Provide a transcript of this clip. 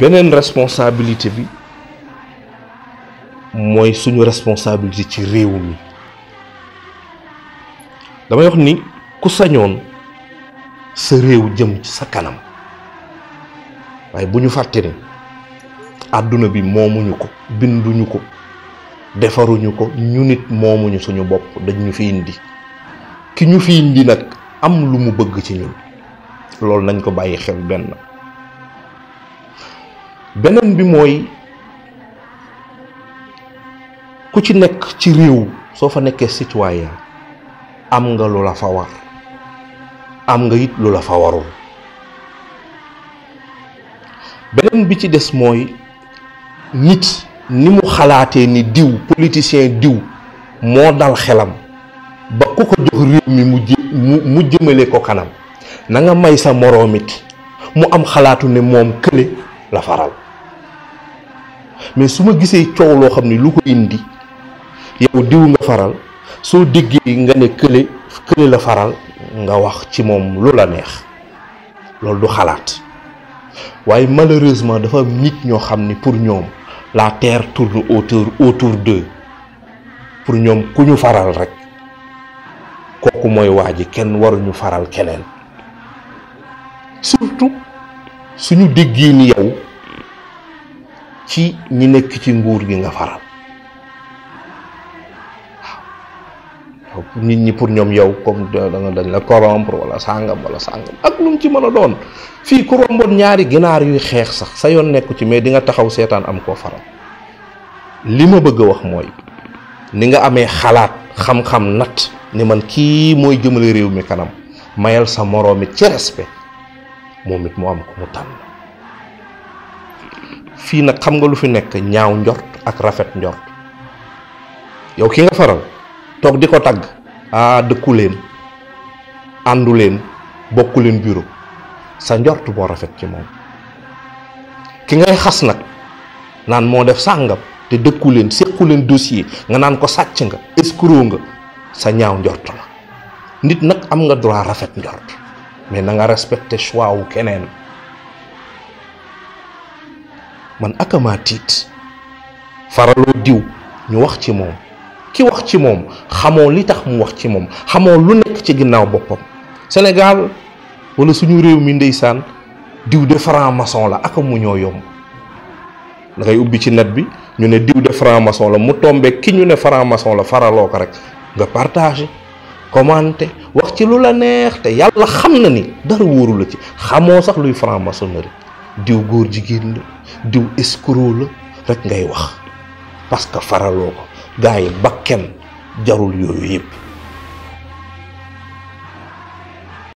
beneen responsabilité bi mooy suñu responsabilité ci réew mi damay wax ni ku sañoon sa réew jëm ci sa kanam waaye bu ñu fàtte ne àdduna bi moomuñu ko binduñu ko defaruñu ko ñu nit moomuñu suñu bopp dañ ñu fi indi ki ñu fi indi nag am lu mu bëgg ci ñun loolu nañ ko bàyyi xel benn. beneen bi mooy ku ci nekk ci réew soo fa nekkee citoyen am nga lu la fa war am nga it lu la fa warul beneen bi ci des mooy nit ni mu xalaatee ni diw politicien diw moo dal xelam ba ku ko jox réew mi mu mu jëmale ko kanam na nga may sa moroom it mu am xalaatu ne moom kële la faral mais su ma gisee coow loo xam ne lu ko indi yow diw nga faral soo déggee nga ne kële kële la faral nga wax ci moom lu la neex loolu du xalaat waaye malheureusement dafa nit ñoo xam ne pour ñoom la terre tourne autour autour d'eux pour ñoom ku ñu faral rek kooku mooy waa ji kenn waruñu faral keneen surtout suñu déggee ni yow ci ñi nekk ci nguur gi nga faral waaw nit ñi pour ñom yow comme da nga dañ la corrompre wala sangam wala sangam ak lu ci mëna doon fi ku rombon ñaari ginaar yu xex sax sa yon nekk ci mais di nga taxaw setan am ko faral li bëgg wax moy ni nga amé xalaat xam-xam nat ni man ki moy jëmele rew mi kanam mayal sa cerespe, ci respect momit mo am ko mu fii nag xam nga lu fi nekk ñaaw njort ak rafet njort yow ki nga faral toog di ko tagg ah dëkku leen àndu leen bokku leen bureau sa njort boo rafet ci moom ki ngay xas nag naan moo def sàngam te dëkku leen séqu leen dossier nga naan ko sàcc nga escroc nga sa ñaaw njort la nit nag am nga droit rafet njort mais nanga nga respecté wu keneen man aka maa tiit faraloo diw ñu wax ci moom ki wax ci moom xamoo li tax mu wax ci moom xamoo lu nekk ci ginnaaw boppam Sénégal wala suñu réew mi ndeysaan diw de franc la aka mu ñoo yomb da ubbi ci net bi ñu ne diw de franc la mu tombe ki ñu ne franc la faraloo ko rek nga partagé commenté wax ci lu la neex te yàlla xam na ni dara wóoru la ci xamoo sax luy franc-maçonnerie diw góor jigéen la diw escroc la rek ngay wax parce que faraloo ko gars yi bakken jarul yooyu yëpp